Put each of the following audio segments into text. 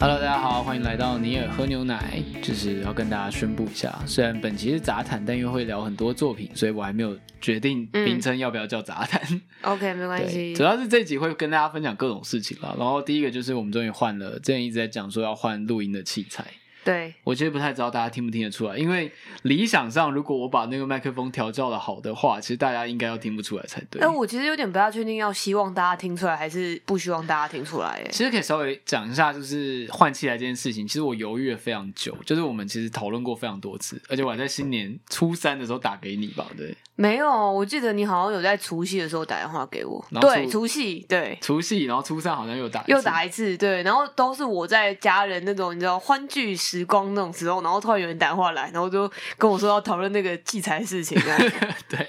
Hello，大家好，歡迎來到尼爾喝牛奶。就是要跟大家宣布一下，雖然本期是雜談，但因為會聊很多作品，所以我還沒有決定名稱要不要叫雜談。嗯、 OK，沒關係，主要是這集會跟大家分享各種事情啦。然後第一個就是我們終於換了，之前一直在講說要換錄音的器材。對，我其實不太知道大家聽不聽得出來，因為理想上，如果我把那個麥克風調教的好的話，其實大家應該要聽不出來才對。但我其實有點不太確定，要希望大家聽出來，還是不希望大家聽出來。誒其實可以稍微講一下，就是換器材這件事情，其實我猶豫了非常久，就是我們其實討論過非常多次，而且我還在新年初三的時候打給你吧，對。沒有，我記得你好像有在除夕的時候打電話給我。對，除夕，對，除夕，然後初三好像又打，又打一次，對。然後都是我在家人那種你知道歡聚時光那種時候，然後突然有人打電話來，然後就跟我說要討論那個器材事情啊。 對，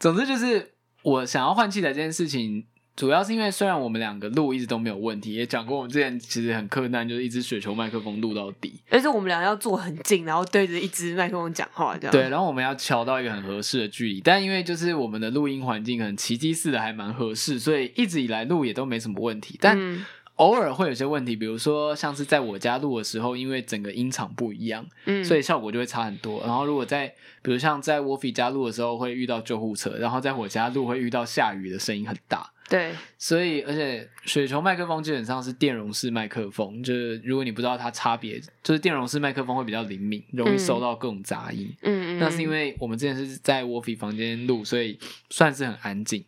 總之就是我想要換器材這件事情。主要是因為雖然我們兩個錄一直都沒有問題，也講過我們之前其實很克難，就是一隻雪球麥克風錄到底。而且我們倆要坐很近，然後對着一隻麥克風講話，這樣子。對，然後我們要喬到一個很合適的距離，但因為就是我們的錄音環境很奇跡似的還蠻合適，所以一直以來錄也都沒什麼問題。但偶爾會有些問題，比如說像是在我家錄的時候，因為整個音場不一樣，所以效果就會差很多。然後如果在比如像在沃菲家錄的時候，會遇到救護車；然後在我家錄會遇到下雨的聲音很大。對，所以而且雪球麥克風基本上是電容式麥克風，就是如果你不知道它差別，就是電容式麥克風會比較靈敏，容易收到各種雜音。嗯嗯，那是因為我們之前是在 woffy 房間錄，所以算是很安靜。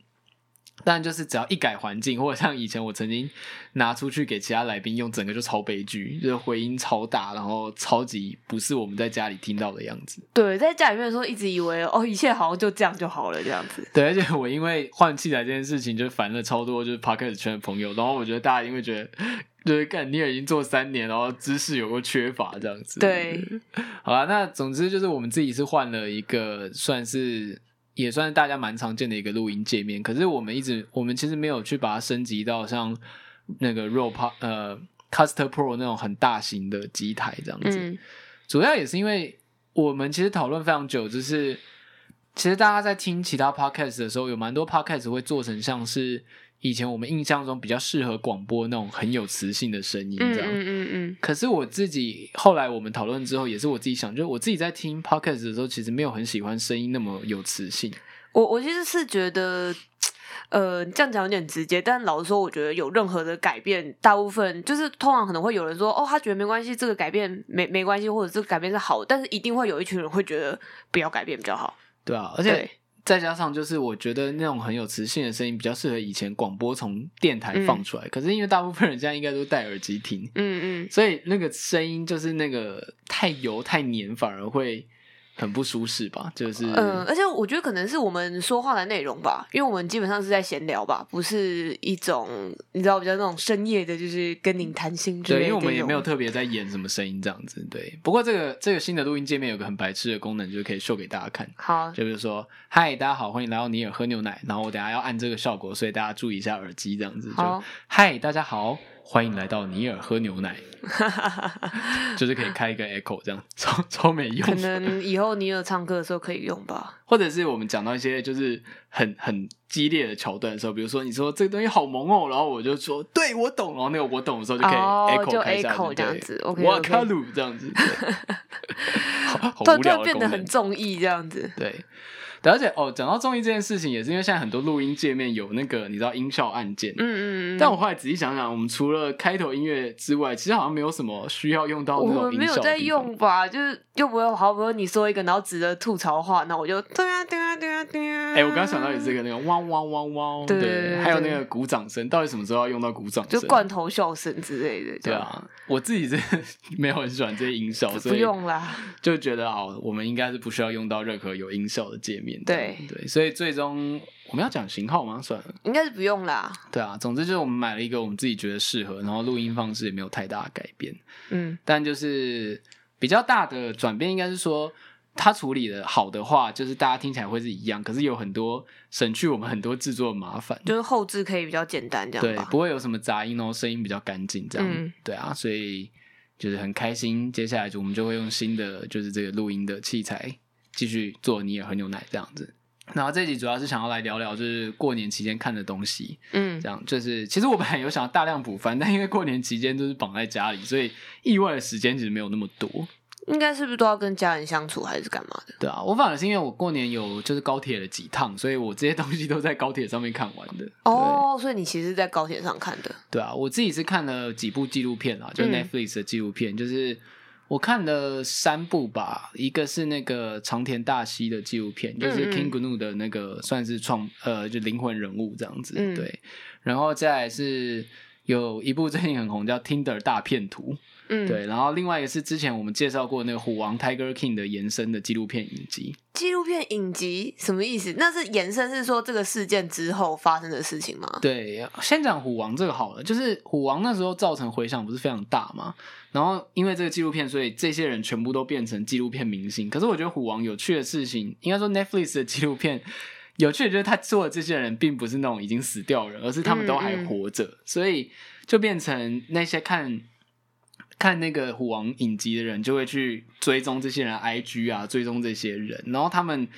但就是只要一改環境，或者像以前我曾經拿出去給其他來賓用，整個就超悲劇，就是回音超大，然後超級不是我們在家裡聽到的樣子。對，在家裡面的時候一直以為哦，一切好像就這樣就好了這樣子。對，而且我因為換器材這件事情就煩了超多，就是 Podcast 圈的朋友，然後我覺得大家因為覺得就是幹你也已經做三年，然後知識有個缺乏這樣子。對，對好了，那總之就是我們自己是換了一個算是。也算是大家蠻常見的一個錄音界面，可是我們一直我們其實沒有去把它升級到像那個 Rode 呃 Caster Pro 那種很大型的機台這樣子，嗯。主要也是因為我們其實討論非常久，就是其實大家在聽其他 Podcast 的時候，有蠻多 Podcast 會做成像是，以前我們印象中比較適合廣播那種很有磁性的聲音，這樣。嗯嗯嗯。可是我自己後來我們討論之後，也是我自己想，就是我自己在聽 podcast 的時候，其實沒有很喜歡聲音那麼有磁性我。我我其實是覺得，呃，這樣講有點直接，但老實說，我覺得有任何的改變，大部分就是通常可能會有人說，哦，他覺得沒關係，這個改變沒沒關係，或者這個改變是好，但是一定會有一群人會覺得不要改變比較好。對啊，而且。對再加上，就是我覺得那種很有磁性的聲音比較適合以前廣播從電台放出來，嗯。可是因為大部分人現在應該都戴耳機聽，嗯嗯，所以那個聲音就是那個太油太黏，反而會。很不舒適吧，就是嗯，而且我覺得可能是我們說話的內容吧，因為我們基本上是在閒聊吧，不是一種你知道，比較那種深夜的，就是跟您談心之類。對，因為我們也沒有特別在演什麼聲音這樣子。對。 不過這個這個新的錄音界面有個很白痴的功能，就是、可以秀給大家看。好，就比如說，嗨，大家好，歡迎來到尼爾喝牛奶。然後我等下要按這個效果，所以大家注意一下耳機這樣子。就，嗨，Hi, 大家好。歡迎來到尼爾喝牛奶， 就是可以開一個 echo，這樣超超沒用。可能以後尼爾唱歌的時候可以用吧。或者是我們講到一些就是很很激烈的橋段的時候，比如說你說這個東西好萌哦，然後我就說對我懂哦，然後那個我懂的時候就可以 echo、oh, 開一就 echo 就這樣子，okay, okay. 哇卡魯這樣子，對對變得很中意這樣子，對。 對，而且哦，講到綜藝這件事情，也是因為現在很多錄音界面有那個你知道音效按鍵，嗯、嗯、嗯。但我後來仔細想想，我們除了開頭音樂之外，其實好像沒有什麼需要用到那種音效的地方，我沒有在用吧，就是。就不會好，好比如你說一個，然後值得吐槽話，那我就對啊對啊對啊對啊。哎、欸，我剛剛想到你這個那個汪汪汪汪，對，還有那個鼓掌聲，到底什麼時候要用到鼓掌聲？就罐頭笑聲之類的。對啊，我自己是沒有很喜歡這些音效，所以不用啦。就覺得啊，我們應該是不需要用到任何有音效的界面。對對，所以最終我們要講型號嗎？算了，應該是不用啦。對啊，總之就是我們買了一個我們自己覺得適合，然後錄音方式也沒有太大的改變。嗯，但就是。比較大的轉變應該是說，它處理的好的話，就是大家聽起來會是一樣，可是有很多省去我們很多制作的麻煩，就是後製可以比較簡單，這樣對，不會有什麼雜音哦，聲音比較乾淨，這樣、嗯、對啊，所以就是很開心，接下來就我們就會用新的，就是這個錄音的器材繼續做尼爾喝牛奶這樣子。然後這集主要是想要來聊聊，就是過年期間看的東西，嗯，這樣，就是其實我本來有想要大量補番，但因為過年期間就是綁在家裡，所以意外的時間其實沒有那麼多。應該是不是都要跟家人相處還是幹嘛的？對啊，我反而是因為我過年有就是高鐵了幾趟，所以我這些東西都在高鐵上面看完的。哦，所以你其實是在高鐵上看的？對啊，我自己是看了幾部紀錄片啊，就 Netflix 的紀錄片，就是。嗯，就是我看了三部吧，一個是那個常田大希的紀錄片，嗯嗯，就是 King Gnu 的那個算是創呃就靈魂人物這樣子，對，嗯、然後再來是有一部最近很紅叫《Tinder 大騙徒》。嗯，對，然後另外也是之前我們介紹過那個《虎王 Tiger King》的延伸的紀錄片影集。紀錄片影集什麼意思？那是延伸，是說這個事件之後發生的事情嗎？對，先講《虎王》這個好了，就是《虎王》那時候造成回響不是非常大嗎？然後因為這個紀錄片，所以這些人全部都變成紀錄片明星。可是我覺得《虎王》有趣的事情，應該說 Netflix 的紀錄片有趣的就是他做的這些人並不是那種已經死掉的人，而是他們都還活着，嗯，所以就變成那些看。看那個《虎王影集》的人，就會去追蹤這些人 IG 啊，追蹤這些人，然後他們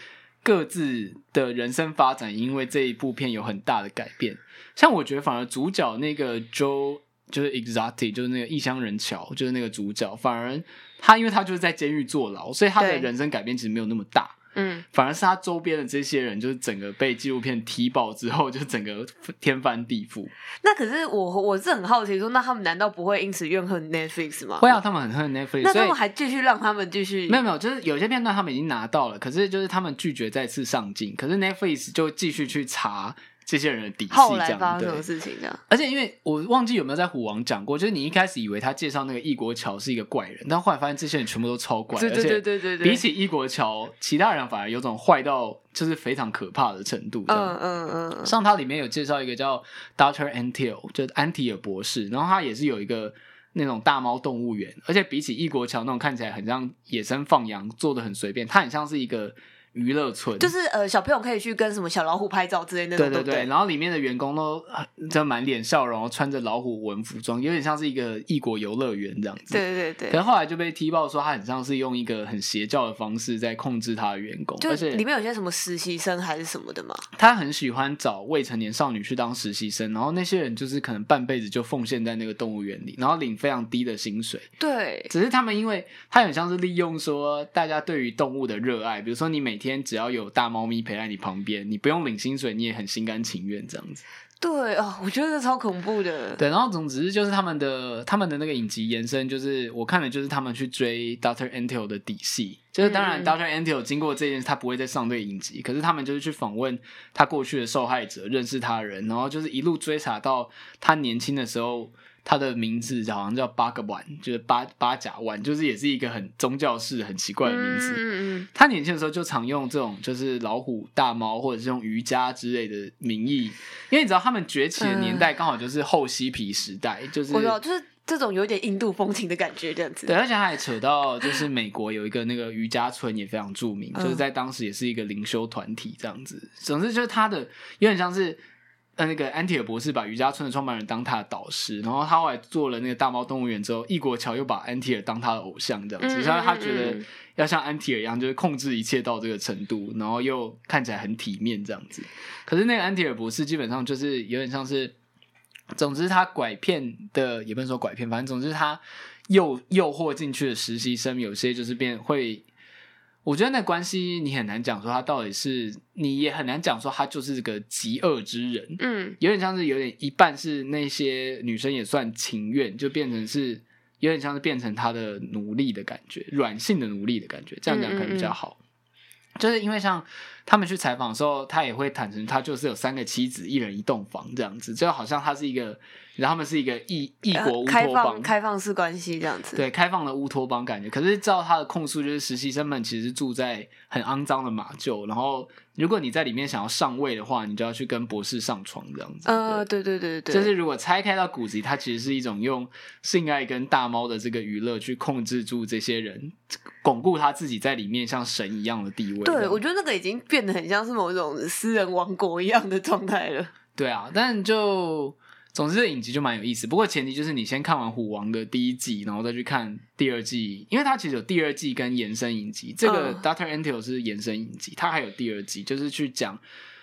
各自的人生發展，因為這一部片有很大的改變。像我覺得，反而主角那個 Joe 就是 Exotic，就是那個異鄉人喬，就是那個主角，反而他因為他就是在監獄坐牢，所以他的人生改變其實沒有那麼大。嗯，反而是他周邊的這些人，就是整個被紀錄片踢爆之後，就整個天翻地覆。那可是我，我是很好奇說，說那他們難道不會因此怨恨 Netflix 嗎？會啊，他們很恨 Netflix，那他們還繼續讓他們繼續。沒有沒有，就是有些片段他們已經拿到了，可是就是他們拒絕再次上鏡，可是 Netflix 就繼續去查。這些人的底細這樣，對。而且因為我忘記有沒有在虎王講過，就是你一開始以為他介紹那個異國橋是一個怪人，但後來發現這些人全部都超怪，而且對對對對，比起異國橋，其他人反而有種壞到就是非常可怕的程度。嗯嗯嗯，像他裡面有介紹一個叫 Doctor Antle 就安提爾博士，然後他也是有一個那種大貓動物園，而且比起異國橋那種看起來很像野生放養，做得很隨便，他很像是一個。娛樂村就是呃，小朋友可以去跟什麼小老虎拍照之類的。對，對對對，然後裡面的員工都就滿臉笑容，然後穿着老虎紋服裝，有點像是一個異國遊樂園這樣子。對，對對對，可是後來就被踢爆說，他很像是用一個很邪教的方式在控制他的員工，就是裡面有些什麼實習生還是什麼的嗎？他很喜歡找未成年少女去當實習生，然後那些人就是可能半輩子就奉獻在那個動物園裡，然後領非常低的薪水。對，只是他們因為他很像是利用說大家對於動物的熱愛，比如說你每天。天只要有大貓咪陪在你旁邊，你不用領薪水，你也很心甘情願這樣子。對啊，我覺得這超恐怖的。對，然後總之就是他們的他們的那個影集延伸，就是我看的就是他們去追 Doctor Antle 的底細，就是當然 Doctor Antle 經過這件事，他不會再上這個影集，嗯，可是他們就是去訪問他過去的受害者，認識他人，然後就是一路追查到他年輕的時候。他的名字好像叫巴格萬，就是巴巴甲萬，就是也是一個很宗教式、很奇怪的名字。嗯嗯、他年輕的時候就常用這種，就是老虎、大貓，或者是用瑜伽之類的名義。因為你知道，他們崛起的年代剛好就是後嬉皮時代，嗯、就是我知道，就是這種有點印度風情的感覺，這樣子。對，而且他還扯到，就是美國有一個那個瑜伽村也非常著名，嗯、就是在當時也是一個靈修團體這樣子。總之，就是他的有點像是。那個安提爾博士把瑜伽村的創辦人當他的導師，然後他後來做了那個大貓動物園之後，異國橋又把安提爾當他的偶像，這樣子，所、嗯、以、嗯嗯嗯、他覺得要像安提爾一樣，就是控制一切到這個程度，然後又看起來很體面這樣子。可是那個安提爾博士基本上就是有點像是，總之他拐騙的，也不能說拐騙，反正總之他誘誘惑進去的實習生有些就是變會。我覺得那關係你很難講說他到底是，你也很難講說他就是個極惡之人，嗯，有點像是有點一半是那些女生也算情願，就變成是有點像是變成他的奴隸的感覺，軟性的奴隸的感覺，這樣講可能比較好，嗯嗯嗯，就是因為像。他們去採訪的時候，他也會坦承，他就是有三個妻子，一人一棟房這樣子，就好像他是一個，然後他們是一個異異國烏托邦，啊、開放式關係這樣子，對，開放的烏托邦感覺。可是照他的控訴，就是實習生們其實住在很骯髒的馬廄，然後如果你在裡面想要上位的話，你就要去跟博士上床這樣子。呃，對、啊、對對對對，就是如果拆開到骨子裡，它他其實是一種用性愛跟大貓的這個娛樂去控制住這些人，鞏固他自己在裡面像神一樣的地位。對，我覺得那個已經變。變得很像是某一種私人王國一樣的狀態了。對啊，但就總之這影集就蠻有意思。不過前提就是你先看完《虎王》的第一季，然後再去看第二季，因為它其實有第二季跟延伸影集。這個 Doctor Antle 是延伸影集，它、嗯、還有第二季，就是去講，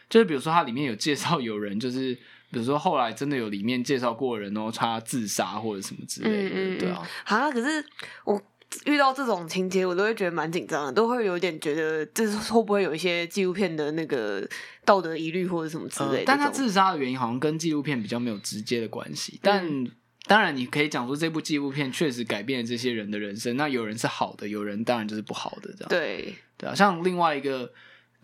就是比如說它裡面有介紹有人，就是比如說後來真的有裡面介紹過人哦、喔，然後他自殺或者什麼之類的，嗯嗯嗯對啊。啊，可是我。遇到這種情節，我都會覺得蠻緊張的，都會有點覺得，這是會不會有一些紀錄片的那個道德疑慮或者什麼之類的、嗯。但他自殺的原因好像跟紀錄片比較沒有直接的關係。但、嗯、當然，你可以講說這部紀錄片確實改變了這些人的人生。那有人是好的，有人當然就是不好的，這樣，對對啊。像另外一個。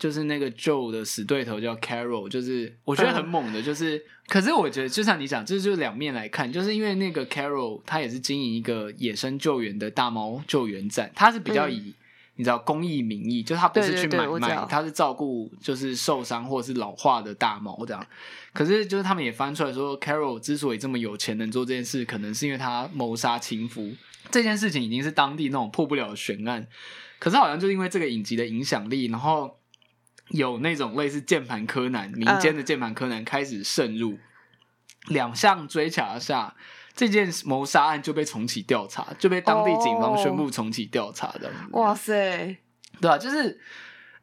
就是那個 Joe 的死對頭叫 Carol，就是我覺得很猛的，就是、嗯、可是我覺得就像你講，就是就兩面來看，就是因為那個 Carol 他也是經營一個野生救援的大貓救援站，他是比較以、嗯、你知道公益名義，就他不是去買賣，對對對他是照顧就是受傷或者是老化的大貓這樣。可是就是他們也翻出來說，Carol 之所以這麼有錢能做這件事，可能是因為他謀殺親夫這件事情已經是當地那種破不了的懸案，可是好像就因為這個影集的影響力，然後。有那種類似鍵盤柯南，民間的鍵盤柯南開始滲入。兩、嗯、項追查下，這件謀殺案就被重啟調查，就被當地警方宣布重啟調查的、哦。哇塞，對啊，就是，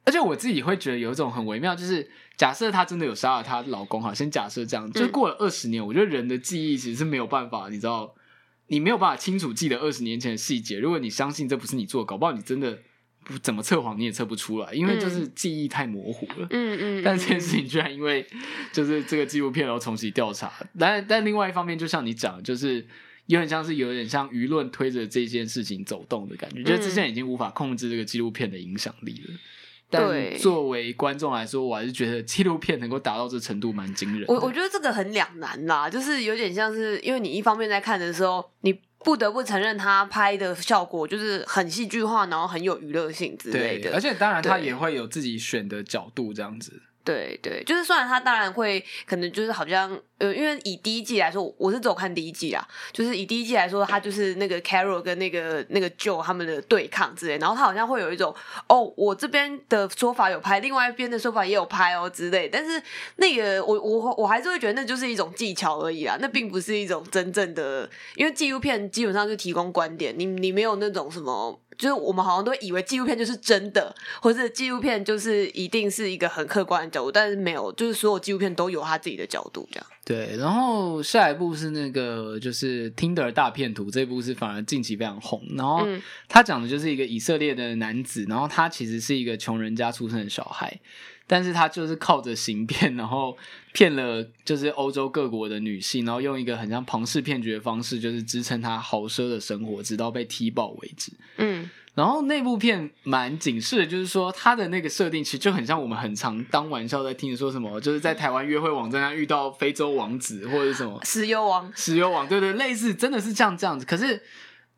而且我自己會覺得有一種很微妙，就是假設她真的有殺了她老公，哈，先假設這樣，就是、過了二十年、嗯，我覺得人的記憶其實是沒有辦法，你知道，你沒有辦法清楚記得二十年前的細節。如果你相信這不是你做的，搞不好你真的。怎麼測謊你也測不出來，因為就是記憶太模糊了。嗯嗯。但這件事情居然因為就是這個紀錄片然後重新調查，嗯、但但另外一方面，就像你講，就是有點像是有點像輿論推着這件事情走動的感覺，覺、嗯、得之前已經無法控制這個紀錄片的影響力了、嗯。但作為觀眾來說，我還是覺得紀錄片能夠達到這程度蠻驚人的。我我覺得這個很兩難啦、啊、就是有點像是因為你一方面在看的時候，你。不得不承認，他拍的效果就是很戲劇化，然後很有娛樂性之類的。對，而且當然他也會有自己選的角度，這樣子。對對，就是雖然他當然會可能就是好像呃，因為以第一季來說，我，我是只有看第一季啦。就是以第一季來說，他就是那個 Carol 跟那個那個 Joe 他們的對抗之類。然後他好像會有一種哦，我這邊的說法有拍，另外一邊的說法也有拍哦之類。但是那個我我我還是會覺得那就是一種技巧而已啊，那並不是一種真正的，因為紀錄片基本上就提供觀點，你你沒有那種什麼。就是我們好像都以為紀錄片就是真的，或者紀錄片就是一定是一個很客觀的角度，但是沒有，就是所有紀錄片都有他自己的角度，這樣。對，然後下一部是那個就是 Tinder 大騙徒，這部是反而近期非常紅。然後他講的就是一個以色列的男子，嗯、然後他其實是一個窮人家出生的小孩。但是他就是靠着行騙，然後騙了就是歐洲各國的女性，然後用一個很像龐氏騙局的方式，就是支撐他豪奢的生活，直到被踢爆為止。嗯，然後那部片蠻警示的，就是說他的那個設定其實就很像我們很常當玩笑在聽說什麼，就是在台灣約會網站上遇到非洲王子或者是什麼石油王、石油王，對對對，類似真的是這樣這樣子。可是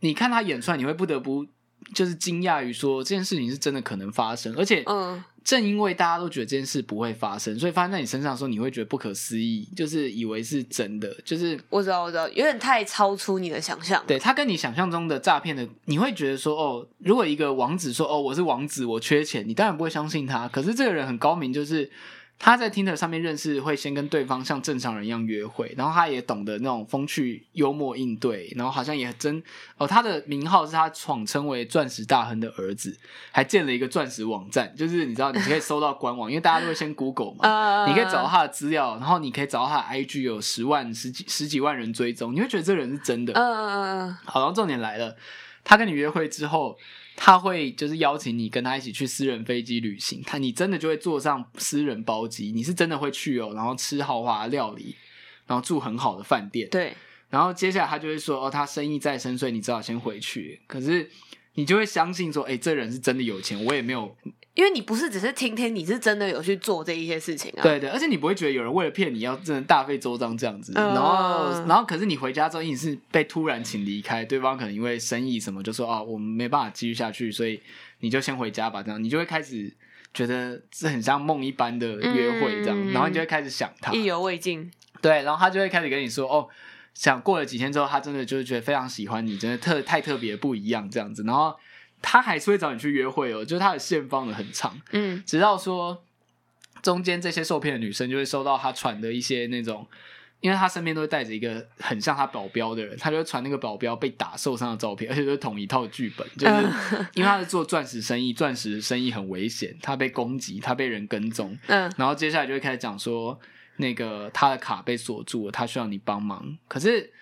你看他演出來，你會不得不就是驚訝於說這件事情是真的可能發生，而且嗯。正因為大家都覺得這件事不會發生，所以發生在你身上的時候，你會覺得不可思議，就是以為是真的，就是我知道，我知道，有點太超出你的想象。對，他跟你想象中的詐騙的，你會覺得說，哦，如果一個王子說，哦，我是王子，我缺錢，你當然不會相信他。可是這個人很高明，就是。他在 Tinder 上面認識，會先跟對方像正常人一樣約會，然後他也懂得那種風趣幽默應對，然後好像也真哦，他的名號是他謊稱為鑽石大亨的兒子，還建了一個鑽石網站，就是你知道你可以搜到官網， 因為大家都會先 Google 嘛，uh, 你可以找到他的資料，然後你可以找到他的 IG 有十萬十幾十幾萬人追蹤，你會覺得這個人是真的，嗯、uh, 好，然後重點來了，他跟你約會之後。他會就是邀請你跟他一起去私人飛機旅行，他你真的就會坐上私人包機，你是真的會去哦，然後吃豪華料理，然後住很好的飯店，對。然後接下來他就會說，哦，他生意在身，所以你只好先回去。可是你就會相信說，哎、欸，這人是真的有錢，我也沒有。因為你不是只是聽聽，你是真的有去做這一些事情啊。對對，而且你不會覺得有人為了騙你要真的大費周章這樣子，呃、然後然後可是你回家之後你是被突然請離開，對方可能因為生意什麼就說啊、哦，我們沒辦法繼續下去，所以你就先回家吧。這樣你就會開始覺得是很像夢一般的約會這樣，嗯、然後你就會開始想他，意猶未盡。對，然後他就會開始跟你說哦，想過了幾天之後，他真的就是覺得非常喜歡你，真的特太特別的不一樣這樣子，然後。他還是會找你去約會哦,就是他的線放的很長，嗯，直到說中間這些受騙的女生就會收到他傳的一些那種，因為他身邊都會帶着一個很像他保鏢的人，他就傳那個保鏢被打受傷的照片，而且是同一套劇本，就是因為他是做鑽石生意，鑽 石生意很危險，他被攻擊，他被人跟蹤，嗯，然後接下來就會開始講說那個他的卡被鎖住了，他需要你幫忙，可是。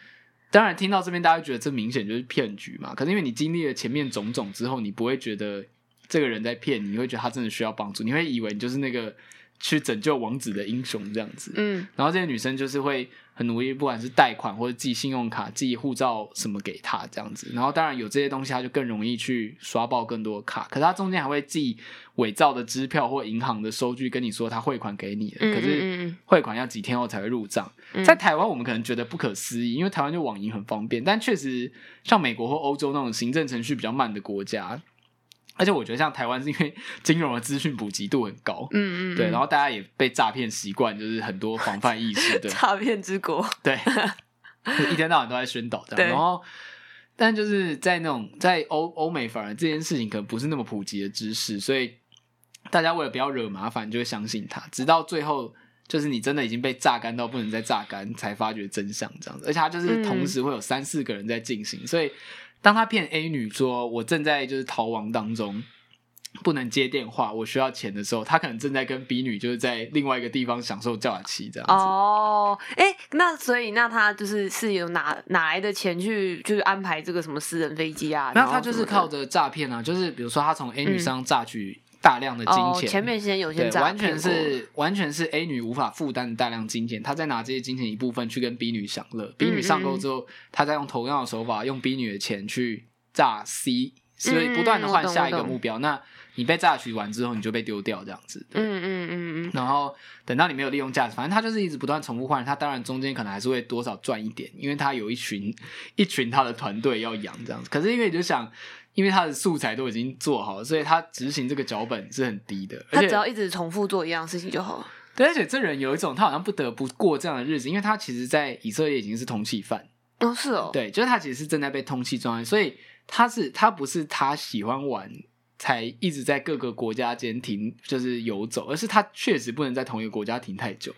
當然，聽到這邊大家會覺得這明顯就是騙局嘛，可是因為你經歷了前面種種之後，你不會覺得這個人在騙你，你會覺得他真的需要幫助，你會以為你就是那個。去拯救王子的英雄這樣子，嗯，然後這些女生就是會很努力，不管是貸款或者寄信用卡、寄護照什麼給他這樣子，然後當然有這些東西，她就更容易去刷爆更多的卡。可是她中間還會寄偽造的支票或銀行的收據，跟你說她匯款給你的。嗯，可是匯款要幾天後才會入賬。嗯，在台灣，我們可能覺得不可思議，因為台灣就網銀很方便，但確實像美國或歐洲那種行政程序比較慢的國家。而且我覺得，像台灣是因為金融的資訊普及度很高，嗯嗯，對，然後大家也被詐騙習慣，就是很多防範意識的， 詐騙對，詐騙之國，對，一天到晚都在宣導這樣，然後，但就是在那種在歐歐美，反而這件事情可能不是那麼普及的知識，所以大家為了不要惹麻煩，就會相信他，直到最後，就是你真的已經被榨乾到不能再榨乾，才發覺真相這樣子。而且，他就是同時會有三四個人在進行，嗯，所以。當他騙 A 女說我正在就是逃亡當中，不能接電話，我需要錢的時候，他可能正在跟 B 女就是在另外一個地方享受假期這樣子。哦，哎，那所以那他就是是有哪哪來的錢去去、就是、安排這個什麼私人飛機啊？然後那他就是靠着詐騙啊，就是比如說他從 A 女身上詐取。嗯大量的金錢，oh, 前面先有錢，對，完全是完全是 A 女無法負擔的大量金錢，她在拿這些金錢一部分去跟 B 女享樂、嗯嗯、B 女上鈎之後，她再用同樣的手法，用 B 女的錢去榨 C，嗯嗯，所以不斷的換下一個目標，我懂我懂。那你被榨取完之後，你就被丟掉這樣子。對。嗯嗯嗯嗯。然後等到你沒有利用價值，反正他就是一直不斷重複換，他當然中間可能還是會多少賺一點，因為他有一群一群他的團隊要養這樣子。可是因為你就想。因為他的素材都已經做好了，所以他執行這個腳本是很低的。而且他只要一直重複做一樣事情，就好了。對，而且這人有一種，他好像不得不過這樣的日子，因為他其實，在以色列已經是通緝犯。都、哦、是哦，對，就是他其實是正在被通緝狀態，所以他是他不是他喜歡玩，才一直在各個國家間停，就是遊走，而是他確實不能在同一個國家停太久，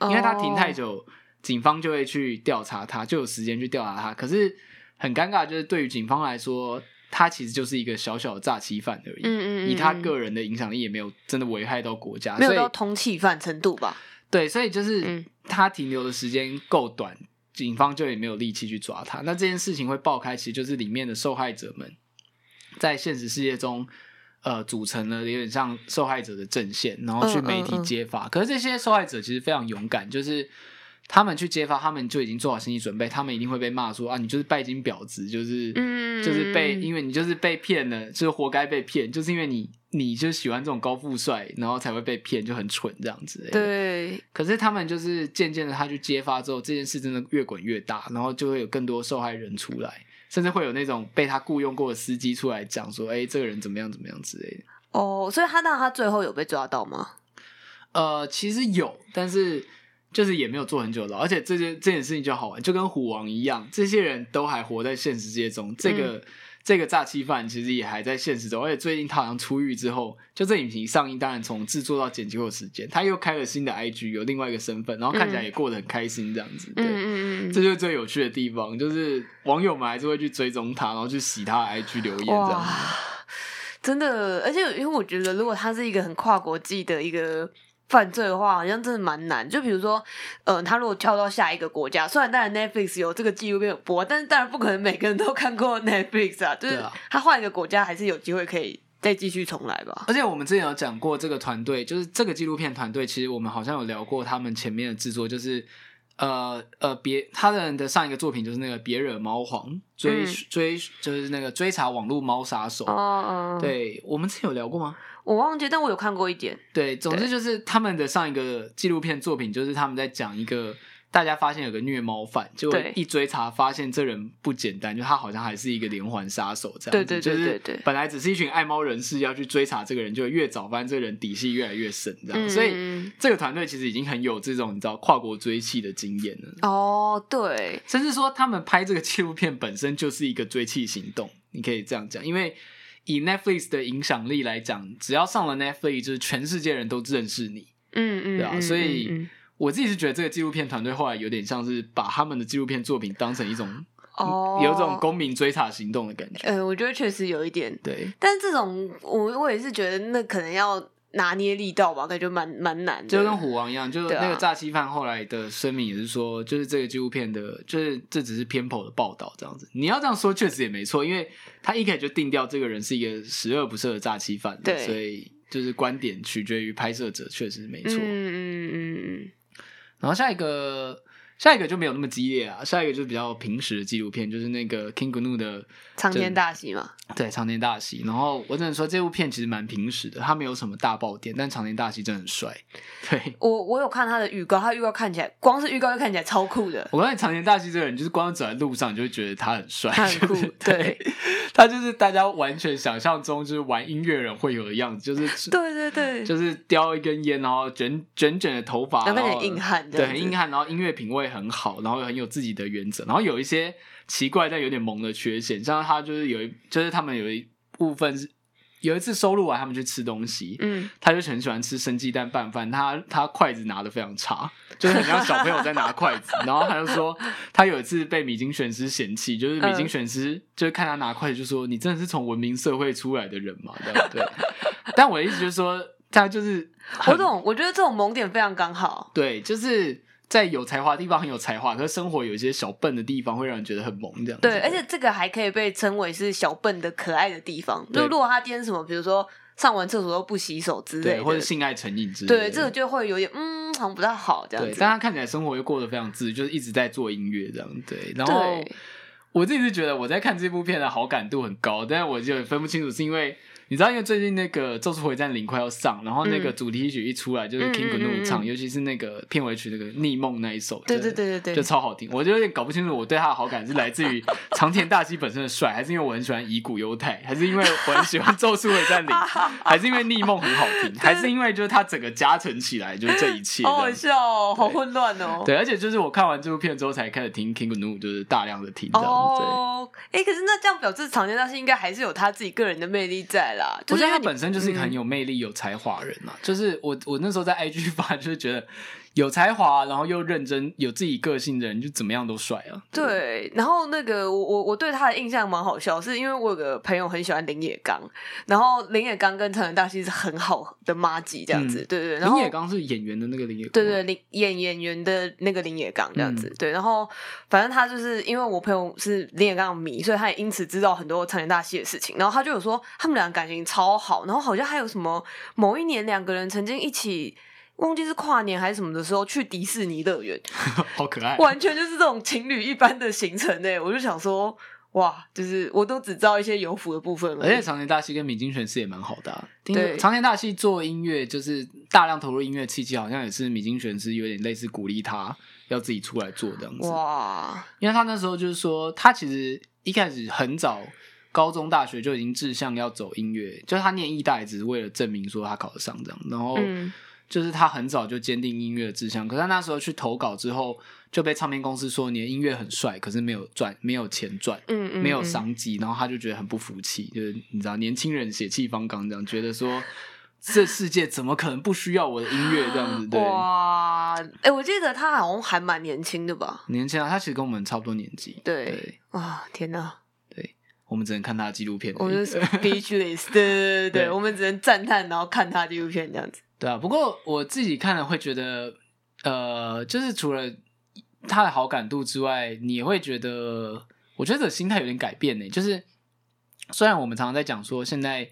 哦、因為他停太久，警方就會去調查他，就有時間去調查他。可是很尷尬，就是對於警方來說。他其實就是一個小小的詐欺犯而已，嗯嗯嗯，以他個人的影響力也沒有真的危害到國家，沒有到通緝犯程度吧？對，所以就是他停留的時間夠短，警方就也沒有力氣去抓他。那這件事情會爆開，其實就是裡面的受害者們在現實世界中，呃，組成了有點像受害者的陣線，然後去媒體揭發，嗯嗯嗯。可是這些受害者其實非常勇敢，就是。他們去揭發，他們就已經做好心理準備，他們一定會被罵說啊，你就是拜金婊子，就是，嗯、就是被，因為你就是被騙了，就是活該被騙，就是因為你，你就喜歡這種高富帥，然後才會被騙，就很蠢這樣子。對。可是他們就是漸漸的，他去揭發之後，這件事真的越滾越大，然後就會有更多受害人出來，甚至會有那種被他僱傭過的司機出來講說，哎、欸，這個人怎麼樣怎麼樣之類的。哦、oh，所以他那他最後有被抓到嗎？呃，其實有，但是。就是也沒有做很久了，而且這件這件事情就好玩，就跟虎王一樣，這些人都還活在現實界中，這個、嗯、這個詐欺犯其實也還在現實中，而且最近他好像出獄之後，就這影片上映，當然從製作到剪輯的時間，他又開了新的 IG，有另外一個身份，然後看起來也過得很開心這樣子，嗯、對嗯嗯嗯，這就是最有趣的地方，就是網友們還是會去追蹤他，然後去洗他的 IG 留言真的，而且因為我覺得如果他是一個很跨國際的一個。犯罪的話，好像真的蠻難。就比如說，嗯、呃，他如果跳到下一個國家，雖然當然 Netflix 有這個紀錄片有播，但是當然不可能每個人都看過 Netflix 啊。就是他換一個國家，還是有機會可以再繼續重來吧。對啊、而且我們之前有講過，這個團隊就是這個紀錄片團隊，其實我們好像有聊過他們前面的制作，就是呃呃，別他的的上一個作品就是那個《別惹貓皇》，追、嗯、追就是那個追查網絡貓殺手。哦、oh, uh.，對我們之前有聊過嗎？我忘記，但我有看過一點。對，總之就是他們的上一個紀錄片作品，就是他們在講一個大家發現有個虐貓犯，就一追查發現這人不簡單，就他好像還是一個連環殺手這樣子。對對對對對,對。本來只是一群愛貓人士要去追查這個人，就越早發現這個人底細越來越深，這樣、嗯。所以這個團隊其實已經很有這種你知道跨國追緝的經驗了。哦，對。甚至說他們拍這個紀錄片本身就是一個追緝行動，你可以這樣講，因為。以 Netflix 的影響力來講，只要上了 Netflix，就是全世界人都認識你，嗯嗯，對吧、啊嗯？所以、嗯、我自己是覺得這個紀錄片團隊後來有點像是把他們的紀錄片作品當成一種，哦，有一種公民追查行動的感覺。呃，我覺得確實有一點，對。但是這種，我我也是覺得那可能要。拿捏力道吧，感覺蠻蠻難的。就跟虎王一樣，就是那個詐欺犯後來的聲明也是說，啊、就是這個紀錄片的，就是這只是偏頗的報道這樣子。你要這樣說，確實也沒錯，因為他一開始就定調這個人是一個十惡不赦的詐欺犯。對，所以就是觀點取決於拍攝者，確實沒錯。嗯嗯嗯嗯。然後下一個。下一個就沒有那麼激烈啊，下一個就是比較平實的紀錄片，就是那個 King Gnu 的常田大希嘛。對，常田大希，然後我只能說這部片其實蠻平實的，他沒有什麼大爆點，但常田大希真的很帥。對我，我有看他的預告，他預告看起來，光是預告就看起來超酷的。我感覺常田大希這個人就是光走在路上，你就會覺得他很帥、太酷。 對，對 他就是大家完全想象中就是玩音樂人會有的樣子，就是 對，對對對，就是叼一根菸，然後卷卷卷的頭髮，然後，捲捲的然後很硬漢，對，很硬漢，然後音樂品味。很好，然後很有自己的原則，然後有一些奇怪但有點萌的缺陷，像他就是有一，就是他們有一部分是有一次收錄完，他們去吃東西，嗯，他就很喜歡吃生雞蛋拌飯，他他筷子拿的非常差，就是很像小朋友在拿筷子， 然後他就說他有一次被米津玄師嫌棄，就是米津玄師就是看他拿筷子就說、嗯、你真的是從文明社會出來的人嘛？對，不對， 但我的意思就是說他就是我這種我覺得這種萌點非常剛好，對，就是。在有才華的地方很有才華，可是生活有一些小笨的地方會讓人覺得很萌，這樣子。對，而且這個還可以被稱為是小笨的可愛的地方。就如果他顛什麼，比如說上完廁所都不洗手之類，對，或者性愛成癮之類，對這個就會有點嗯，好像不太好這樣子。對，但他看起來生活又過得非常自律，就是一直在做音樂這樣。對，然後我自己是覺得我在看這部片的好感度很高，但是我就分不清楚是因為。你知道，因為最近那個《咒術回戰》零快要上，然後那個主題曲一出來就是 King Gnu 唱、嗯，尤其是那個片尾曲那個《逆夢》那一首，對對對對對，就超好聽。我就有點搞不清楚，我對他的好感是來自於常田大希本身的帥， 還是因為我很喜歡乙骨優太，還是因為我很喜歡宙《咒術回戰》零，還是因為《逆夢》很好聽， 還，是好聽還是因為就是他整個加成起來就是這一切這。好搞笑，好混亂哦、喔。對，而且就是我看完這部片之後才開始聽 King Gnu，就是大量的聽。哦、oh,，哎、欸，可是那這樣表示常田大希應該還是有他自己個人的魅力在啦。就是、我覺得他本身就是一個很有魅力有、嗯、有才華人啊、啊。就是我，我那時候在 IG 發，就是覺得。有才華，然後又認真，有自己個性的人，就怎麼樣都帥啊！對，然後那個我我我對他的印象蠻好笑，是因為我有個朋友很喜歡林野剛，然後林野剛跟常田大希是很好的麻吉這樣子，嗯、對，對對。然後林野剛是演員的那個林野，對對，對演演員的那個林野剛這樣子、嗯，對。然後反正他就是因為我朋友是林野剛迷，所以他也因此知道很多常田大希的事情。然後他就有說他們倆感情超好，然後好像還有什麼某一年兩個人曾經一起。忘記是跨年還是什麼的時候去迪士尼樂園， 好可愛！完全就是這種情侶一般的行程呢。我就想說，哇，就是我都只照一些有福的部分而。而且常田大希跟米津玄師也蠻好的、啊。對，常田大希做音樂就是大量投入音樂契機，好像也是米津玄師有點類似鼓勵他要自己出來做這樣子。哇，因為他那時候就是說，他其實一開始很早高中大學就已經志向要走音樂，就是他念藝大也只是為了證明說他考得上這樣，然後。嗯就是他很早就堅定音樂的志向，可是他那時候去投稿之後，就被唱片公司說你的音樂很帥，可是沒有賺，沒有錢賺，嗯沒有商機，然後他就覺得很不服氣，就是你知道，年輕人血氣方剛這樣，覺得說這世界怎麼可能不需要我的音樂這樣子？對哇，哎、欸，我記得他好像還蠻年輕的吧？年輕啊，他其實跟我們差不多年紀。對，哇，天哪！對，我們只能看他紀錄片，我們是 speechless，對對對對對，我們只能讚嘆，然後看他紀錄片這樣子。對啊，不過我自己看了會覺得，呃，就是除了他的好感度之外，你也會覺得，我覺得這心態有點改變呢。就是雖然我們常常在講說，現在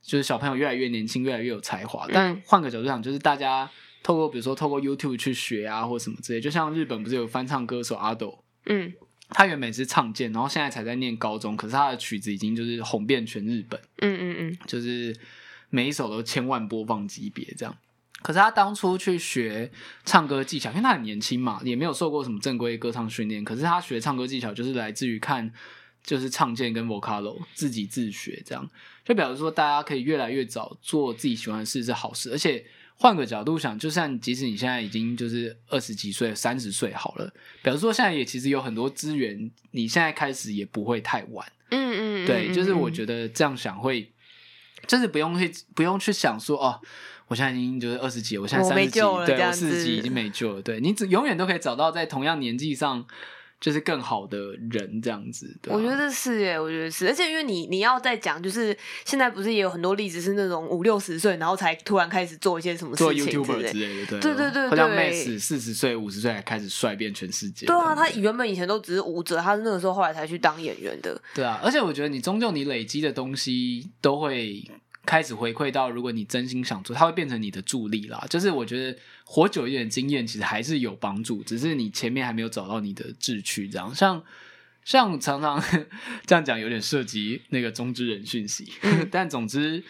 就是小朋友越來越年輕，越來越有才華，但換個角度講，就是大家透過比如說透過 YouTube 去學啊，或什麼之類。就像日本不是有翻唱歌手 Ado，嗯，他原本是唱見，然後現在才在念高中，可是他的曲子已經就是紅遍全日本。嗯嗯嗯，就是。每一首都千萬播放級別這樣，可是他當初去學唱歌技巧，因為他很年輕嘛，也沒有受過什麼正規歌唱訓練。可是他學唱歌技巧就是來自於看，就是唱見跟 Vocalo 自己自學這樣。就表示說，大家可以越來越早做自己喜歡的事是好事。而且換個角度想，就算即使你現在已經就是二十幾歲、三十歲好了，表示說現在也其實有很多資源，你現在開始也不會太晚。嗯嗯，嗯，嗯，對，就是我覺得這樣想會。真是不用去不用去想說哦，我現在已經就是二十幾，我現在三十幾，我對我四十幾已經沒救了。對，你只永遠都可以找到在同樣年紀上就是更好的人這樣子對、啊，我覺得是耶，我覺得是，而且因為你你要在講，就是現在不是也有很多例子是那種五六十歲然後才突然開始做一些什麼事情，做 YouTuber 之類的，對對對，對，對，對，對，對好像，像 Mads 四十歲五十歲才開始帥遍全世界對、啊對，對啊，他原本以前都只是舞者，他是那個時候後來才去當演員的，對啊，而且我覺得你終究你累積的東西都會。開始回饋到，如果你真心想做，它會變成你的助力啦。就是我覺得活久一點經驗，其實還是有幫助，只是你前面還沒有找到你的志趣這樣。這樣像像常常這樣講，有點涉及那個中之人訊息。 但總之，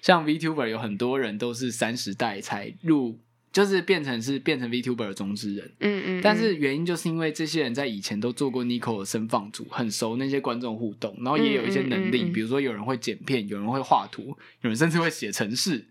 像 Vtuber 有很多人都是三十代才入。就是變成是變成 Vtuber 的中之人，嗯，嗯嗯，但是原因就是因為這些人在以前都做過 Nico 的生放組，很熟那些觀眾互動，然後也有一些能力嗯嗯嗯嗯，比如說有人會剪片，有人會畫圖，有人甚至會寫程式。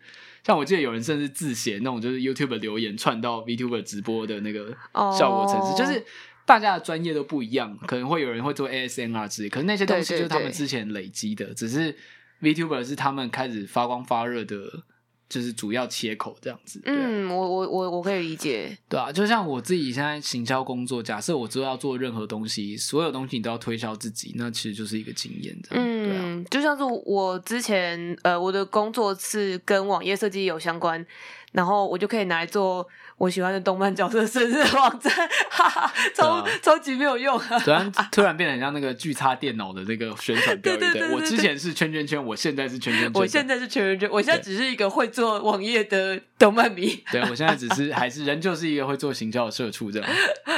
像我記得有人甚至自寫那種就是 YouTube 留言串到 Vtuber 直播的那個效果程式，哦，就是大家的專業都不一樣，可能會有人會做 ASMR 之類，可是那些東西就是他們之前累積的，對對對，只是 Vtuber 是他們開始發光發熱的。就是主要切口這樣子。對啊。嗯，我我我我可以理解。對啊，就像我自己現在行銷工作，假設我之後要做任何東西，所有東西你都要推銷自己，那其實就是一個經驗這樣。嗯，對啊，就像是我之前呃，我的工作是跟網頁設計有相關，然後我就可以拿來做我喜歡的動漫角色生日網站，哈哈，超、啊、超級沒有用啊！突然突然變得很像那個巨匠電腦的那個宣傳標語對對對，對，對對對。我之前是圈圈圈，我現在是圈圈圈，我現在是圈圈圈，我現在只是一個會做網頁的動漫迷。對我現在只是 還是人，就是一個會做行銷的社畜這樣，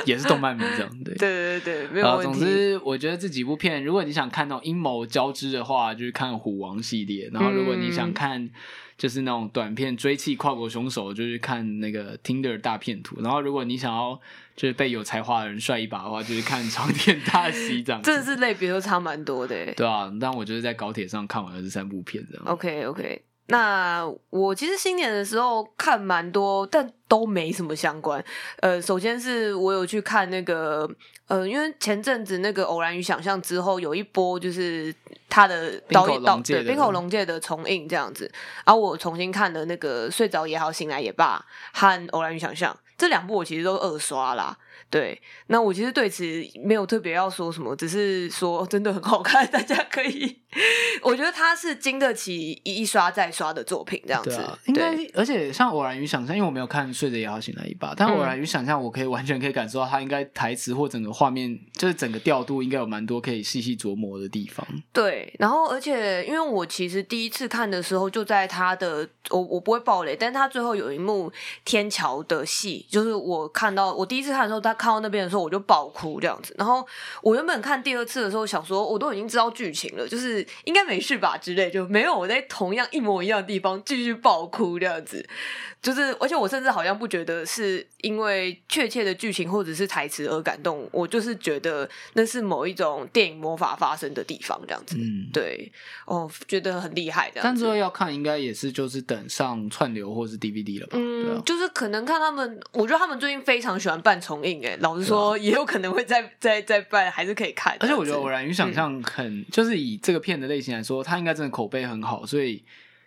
也是動漫迷這樣。對對對對，沒有問題、啊、總之我覺得這幾部片，如果你想看到陰謀交織的話，就是看《虎王》系列。然後如果你想看、嗯。就是那種短片追妻跨國凶手，就是看那個 Tinder 大騙徒。然後，如果你想要就是被有才華的人帥一把的話，就是看常田大希這樣子。真的是類別都差蠻多的、欸。對啊，但我就是在高鐵上看完了這三部片這樣 OK OK。那我其實新年的時候看蠻多，但都沒什麼相關。呃，首先是我有去看那個呃，因為前陣子那個《偶然與想象》之後有一波就是他的導演到，對，濱口龍介的重映這，這樣子，然後我重新看了那個《睡着也好，醒來也罷》和《偶然與想象》。這兩部我其實都二刷啦，對，那我其實對此沒有特別要說什麼，只是說真的很好看，大家可以， 我覺得它是經得起一刷再刷的作品，這樣子。對啊、應該對，而且像《偶然與想像》，因為我沒有看《睡着也好醒來也罷》，但《偶然與想像》，我可以、嗯、完全可以感受到它應該台詞或整個畫面，就是整個調度應該有蠻多可以細細琢磨的地方。對，然後而且因為我其實第一次看的時候就在它的，我我不會暴雷，但是他最後有一幕天橋的戲。就是我看到我第一次看的時候，他看到那邊的時候我就爆哭這樣子。然後我原本看第二次的時候，想說我都已經知道劇情了，就是應該沒事吧之類，就沒有，我在同樣一模一樣的地方繼續爆哭這樣子。就是，而且我甚至好像不覺得是因為確切的劇情或者是台詞而感動，我就是覺得那是某一種電影魔法發生的地方，這樣子。嗯，對，哦，覺得很厲害的。但之後要看，應該也是就是等上串流或是 DVD 了吧？嗯對吧，就是可能看他們，我覺得他們最近非常喜歡辦重映，誒，老實說，也有可能會再再再、啊、辦，還是可以看。而且我覺得《偶然與想象》很、嗯、就是以這個片的類型來說，它應該真的口碑很好，所以。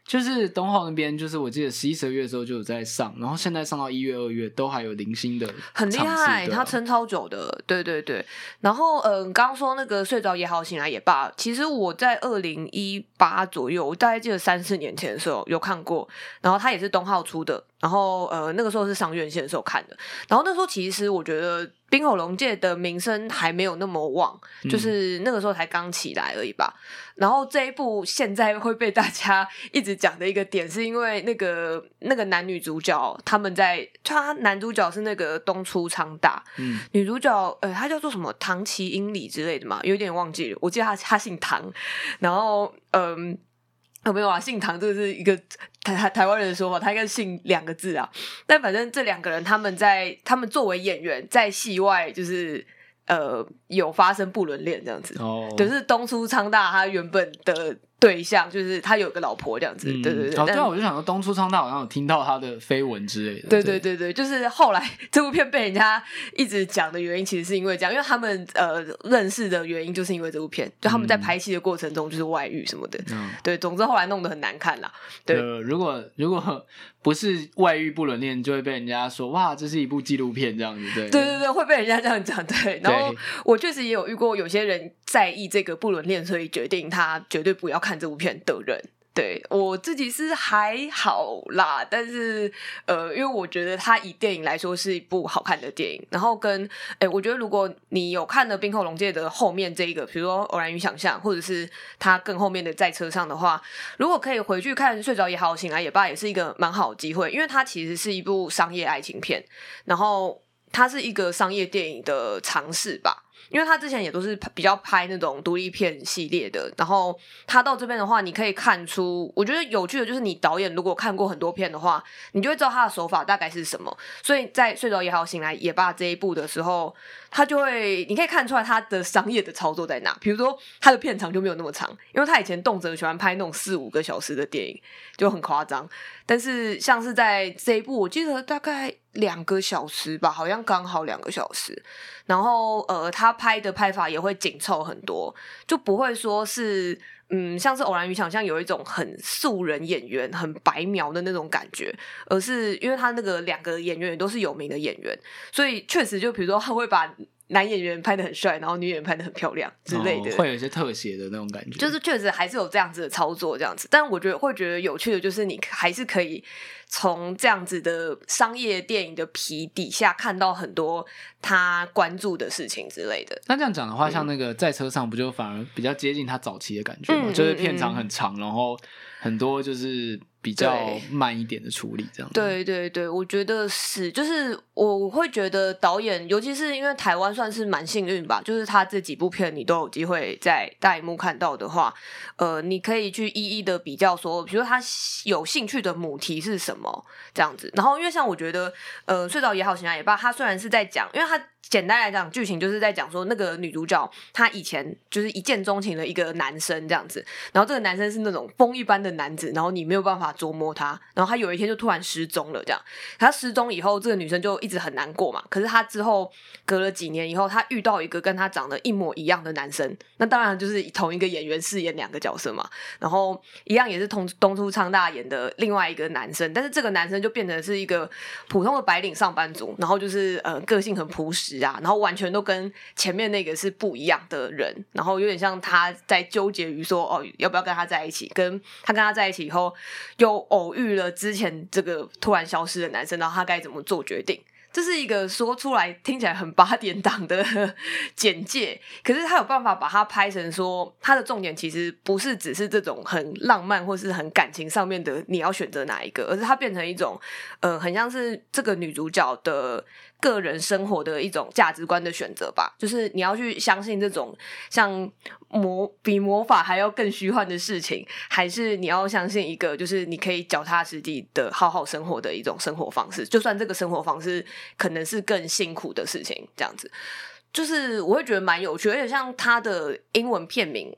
就是東昊那邊，就是我記得十一十二月的時候就有在上，然後現在上到一月二月都還有零星的，很厲害，它、啊、撐超久的，對對對。然後嗯、呃，剛剛說那個睡着也好，醒來也罷，其實我在二零一八左右，我大概記得三四年前的時候有看過，然後它也是東昊出的。然後呃，那個時候是上院線的時候看的。然後那時候其實我覺得濱口龍介的名聲還沒有那麼旺，就是那個時候才剛起來而已吧。嗯、然後這一部現在會被大家一直講的一個點，是因為那個那個男女主角他們在他，男主角是那個東出昌大，嗯、女主角呃，她叫做什麼唐崎英里之類的嘛，有點忘記了。我記得她，她姓唐，然後嗯。呃有沒有啊？姓唐，這個是一個台台台灣人的說法，他應該姓兩個字啊。但反正這兩個人，他們在他們作為演員在戲外，就是呃有發生不倫戀這樣子。哦、oh.，就是東出昌大，他原本的。對象就是他有個老婆這樣子，嗯，對對對。哦，對啊，我就想說東出昌大好像有聽到他的緋聞之類的。對對對對，對，就是後來這部片被人家一直講的原因，其實是因為這樣，因為他們呃認識的原因就是因為這部片，就他們在拍戲的過程中就是外遇什麼的，嗯，對，總之後來弄得很難看啦。對，呃、如如果。如果不是外遇不倫戀就會被人家說哇，這是一部紀錄片這樣子，對對對對，會被人家這樣講。對，然後我確實也有遇過有些人在意這個不倫戀，所以決定他絕對不要看這部片的人。對我自己是還好啦，但是呃，因為我覺得它以電影來說是一部好看的電影。然後跟，哎，我覺得如果你有看了《濱口龍介》的後面這一個，比如說《偶然與想象》，或者是他更後面的在車上的話，如果可以回去看，睡着也好，醒來也罷，也是一個蠻好的機會，因為它其實是一部商業愛情片，然後它是一個商業電影的嘗試吧。因為他之前也都是比較拍那種獨立片系列的。然後他到這邊的話，你可以看出，我覺得有趣的，就是你導演如果看過很多片的話，你就會知道他的手法大概是什麼。所以在，在睡着也好，醒來也罷，這一部的時候，他就會你可以看出來他的商業的操作在哪。比如說，他的片長就沒有那麼長，因為他以前動輒喜歡拍那種四五個小時的電影，就很誇張。但是像是在這一部，我記得大概兩個小時吧，好像剛好兩個小時。然後呃，他。他拍的拍法也會緊湊很多，就不會說是嗯，像是偶然與想像，有一種很素人演員、很白描的那種感覺，而是因為他那個兩個演員也都是有名的演員，所以確實就比如說他會把。男演員拍得很帥，然後女演員拍得很漂亮之類的，哦、會有一些特寫的那種感覺。就是確實還是有這樣子的操作，這樣子。但我覺得會覺得有趣的，就是你還是可以從這樣子的商業電影的皮底下，看到很多他關注的事情之類的。那這樣講的話、嗯，像那個在車上，不就反而比較接近他早期的感覺嗎？嗯嗯嗯。就是片長很長，然後很多就是比較慢一點的處理，這樣子對。對對對，我覺得是，就是。我會覺得導演，尤其是因為台灣算是蠻幸運吧，就是他這幾部片你都有機會在大熒幕看到的話，呃，你可以去一一的比較說，比如說他有興趣的母題是什麼這樣子。然後，因為像我覺得，呃，睡着也好，醒來也罷，他雖然是在講，因為他簡單來講，劇情就是在講說，那個女主角她以前就是一見鍾情的一個男生這樣子，然後這個男生是那種風一般的男子，然後你沒有辦法捉摸他，然後他有一天就突然失蹤了，這樣。他失蹤以後，這個女生就。一直很難過嘛，可是他之後隔了幾年以後，他遇到一個跟他長得一模一樣的男生，那當然就是同一個演員飾演兩個角色嘛。然後一樣也是同東出昌大演的另外一個男生，但是這個男生就變成是一個普通的白領上班族，然後就是呃個性很樸實啊，然後完全都跟前面那個是不一樣的人，然後有點像他在糾結於說哦，要不要跟他在一起。跟他跟他在一起以後，又偶遇了之前這個突然消失的男生，然後他該怎麼做決定？這是一個說出來聽起來很八點檔的簡介，可是他有辦法把它拍成說，他的重點其實不是只是這種很浪漫或是很感情上面的，你要選擇哪一個，而是它變成一種，呃，很像是這個女主角的。個人生活的一種價值觀的選擇吧，就是你要去相信這種像魔比魔法還要更虛幻的事情，還是你要相信一個就是你可以腳踏實地的好好生活的一種生活方式，就算這個生活方式可能是更辛苦的事情，這樣子，就是我會覺得蠻有趣，而且像它的英文片名，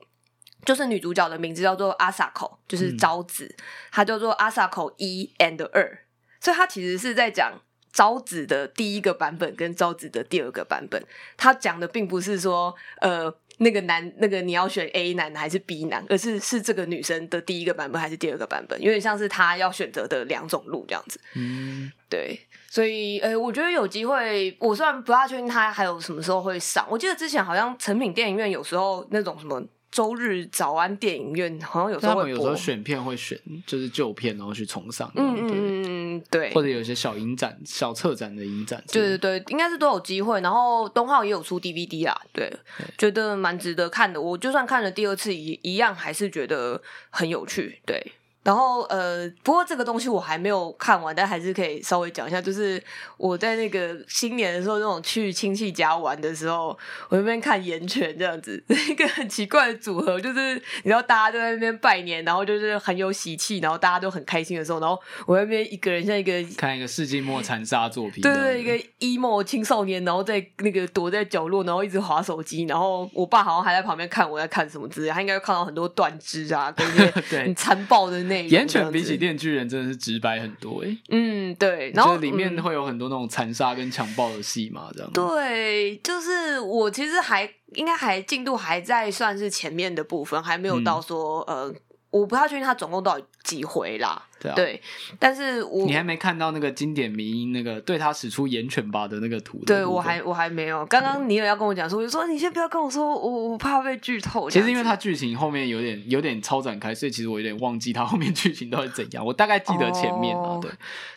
就是女主角的名字叫做 Asako，就是朝子，她、嗯、叫做 Asako 一 and 二，所以她其實是在講。朝子的第一個版本跟朝子的第二個版本，他講的並不是說，呃，那個男那個你要選 A 男還是 B 男，而是是這個女生的第一個版本還是第二個版本，有點像是他要選擇的兩種路這樣子。嗯，對，所以呃、欸，我覺得有機會，我雖然不大確定他還有什麼時候會上，我記得之前好像成品電影院有時候那種什麼。週日早安電影院好像有時候會播，有時候選片會選就是舊片，然後去重上。嗯嗯對，對，對。或者有些小影展，小策展的影展，對、對、對，應該是都有機會。然後東浩也有出 DVD 啊。對，覺得蠻值得看的。我就算看了第二次一一樣，還是覺得很有趣，對。然後呃，不過這個東西我還沒有看完，但還是可以稍微講一下。就是我在那個新年的時候，那種去親戚家玩的時候，我在那邊看炎拳這樣子，一個很奇怪的組合，就是你知道大家都在那邊拜年，然後就是很有喜氣，然後大家都很開心的時候，然後我在那邊一個人像一個看一個世紀末殘殺作品，對對，一個 emo 青少年，然後在那個躲在角落，然後一直滑手機，然後我爸好像還在旁邊看我在看什麼之類，他應該看到很多斷肢啊，那些很殘暴的那。 炎拳比起電鋸人真的是直白很多誒、欸，嗯對，然後裡面會有很多那種殘殺跟強暴的戲嘛，這樣子對，就是我其實還應該還進度還在算是前面的部分，還沒有到說、嗯、呃。我不太確定他總共到幾回啦。對、啊，對，但是我你還沒看到那個經典名音那個對他使出炎拳吧，的那個圖，對，我還我還沒有。剛剛你有要跟我講說，嗯、我就說你先不要跟我說，我我怕被劇透。其實因為他劇情後面有點有點超展開，所以其實我有點忘記他後面劇情到底怎樣。我大概記得前面啊，哦、對。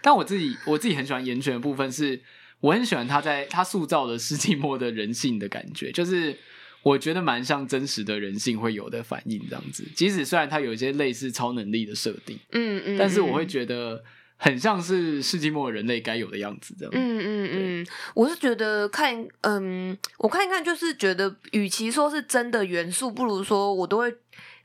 但我自己我自己很喜歡炎拳的部分是，是我很喜歡他在他塑造的世紀末的人性的感覺，就是。我覺得蠻像真實的人性會有的反應這樣子，即使雖然它有一些類似超能力的設定，嗯嗯，但是我會覺得很像是世紀末人類該有的樣子這樣子。嗯嗯嗯，我是覺得看，嗯，我看一看，就是覺得與其說是真的元素，不如說我都會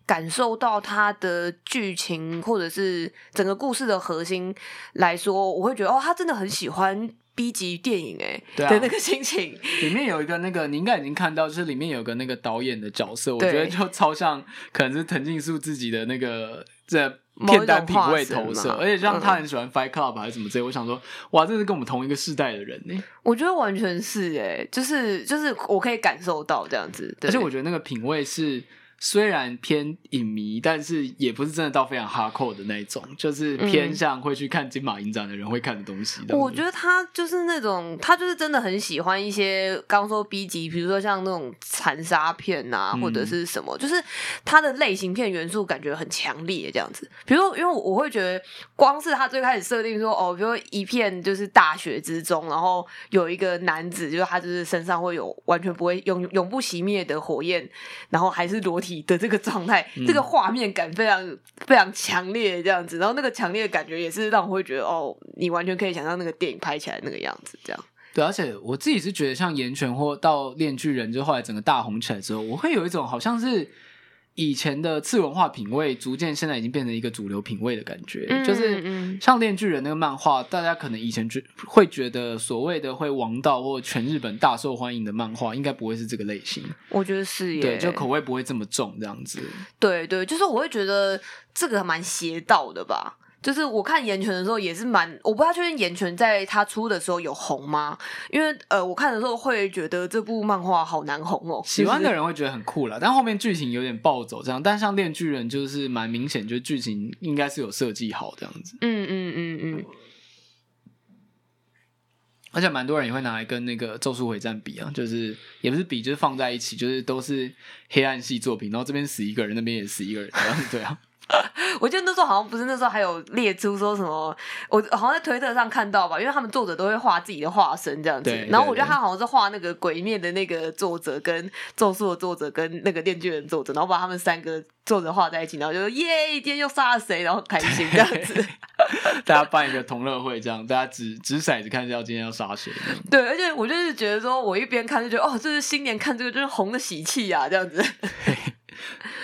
感受到它的劇情或者是整個故事的核心來說，我會覺得哦，他真的很喜歡。B 級電影、欸、對、啊，的那個心情，裡面有一個那個，你應該已經看到，就是裡面有個那個導演的角色，對，我覺得就超像，可能是藤本樹自己的那個在片單品味投射，而且像他很喜歡 Fight Club、啊、還是什麼之類、嗯，我想說，哇，這是跟我們同一個世代的人呢、欸。我覺得完全是哎、欸，就是就是我可以感受到這樣子，對，而且我覺得那個品味是。雖然偏影迷，但是也不是真的到非常哈扣的那一種，就是偏向會去看《金馬影展》的人、嗯、會看的東西。我覺得他就是那種，他就是真的很喜歡一些剛說 B 級，比如說像那種殘殺片啊，或者是什麼、嗯，就是他的類型片元素感覺很強烈這樣子。比如說，因為我，我會覺得，光是他最開始設定說，哦，比如說一片就是大雪之中，然後有一個男子，就是他就是身上會有完全不會永永不熄滅的火焰，然後還是裸體體的這個狀態，這個畫面感非常、嗯、非常強烈，這樣子。然後那個強烈的感覺也是讓我會覺得，哦，你完全可以想象那個電影拍起來的那個樣子，這樣。對，而且我自己是覺得，像炎拳或到鏈鋸人，就後來整個大紅起來之後，我會有一種好像是。以前的次文化品味，逐漸現在已經變成一個主流品味的感覺，嗯、就是嗯，像《電鋸人》那個漫畫，大家可能以前就會覺得所謂的會王道或全日本大受歡迎的漫畫，應該不會是這個類型。我覺得是耶，對，就口味不會這麼重這樣子。對對，就是我會覺得這個還蠻邪道的吧。就是我看炎拳的時候，也是蠻……我不知道就是炎拳在他出的時候有紅嗎？因為呃，我看的時候會覺得這部漫畫好難紅哦、喔就是。喜歡的人會覺得很酷啦，但後面劇情有點暴走這樣。但像電鋸人就是蠻明顯，就是劇情應該是有設計好這樣子。嗯嗯嗯嗯。而且蠻多人也會拿來跟那個咒術回戰比啊，就是也不是比，就是放在一起，就是都是黑暗系作品，然後這邊死一個人，那邊也死一個人這樣子，對啊。 我記得那時候好像不是那時候還有列出說什麼，我好像在推特上看到吧，因為他們作者都會畫自己的化身這樣子對。然後我覺得他好像是畫那個鬼滅的那個作者跟咒術的作者跟那個電鋸人作者，然後把他們三個作者畫在一起，然後就說耶，今天又殺了誰，然後開心這樣子， 大家辦一個同樂會這樣，大家指指骰子看，要今天要殺誰？對，而且我就是覺得說，我一邊看就覺得哦，這是新年看這個就是紅的喜氣呀，這樣子。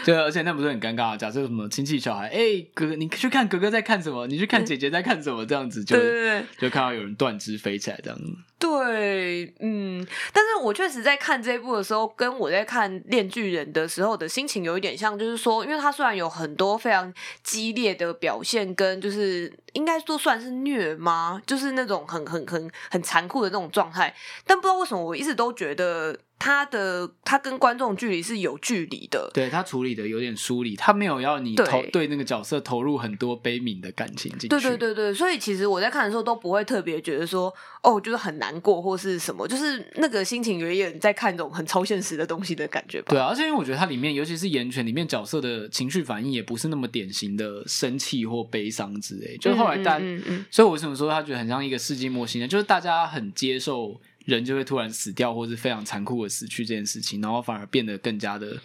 對，而且那不是很尷尬，假設什麼親戚小孩，哎、欸，哥，哥你去看哥哥在看什麼？你去看姐姐在看什麼？嗯、這樣子就對對對，就看到有人斷肢飛起來這樣子。對，嗯，但是我確實在看這一部的時候，跟我在看《鏈鋸人》的時候的心情有一點像，就是說，因為他雖然有很多非常激烈的表現，跟就是應該說算是虐嗎？就是那種很很很很殘酷的那種狀態，但不知道為什麼，我一直都覺得。他的他跟觀眾距離是有距離的，對他處理的有點疏離，他沒有要你投對，對那個角色投入很多悲憫的感情進去。對對對，對所以其實我在看的時候都不會特別覺得說，哦，覺、就、得、是、很難過或是什麼，就是那個心情遠遠在看一種很超現實的東西的感覺吧。對啊，而且因為我覺得它裡面，尤其是《炎拳》裡面角色的情緒反應也不是那麼典型的生氣或悲傷之類的，就是後來但、嗯嗯嗯嗯、所以我為什麼說他覺得很像一個世紀末型呢？就是大家很接受。人就會突然死掉，或是非常殘酷的死去這件事情，然後反而變得更加的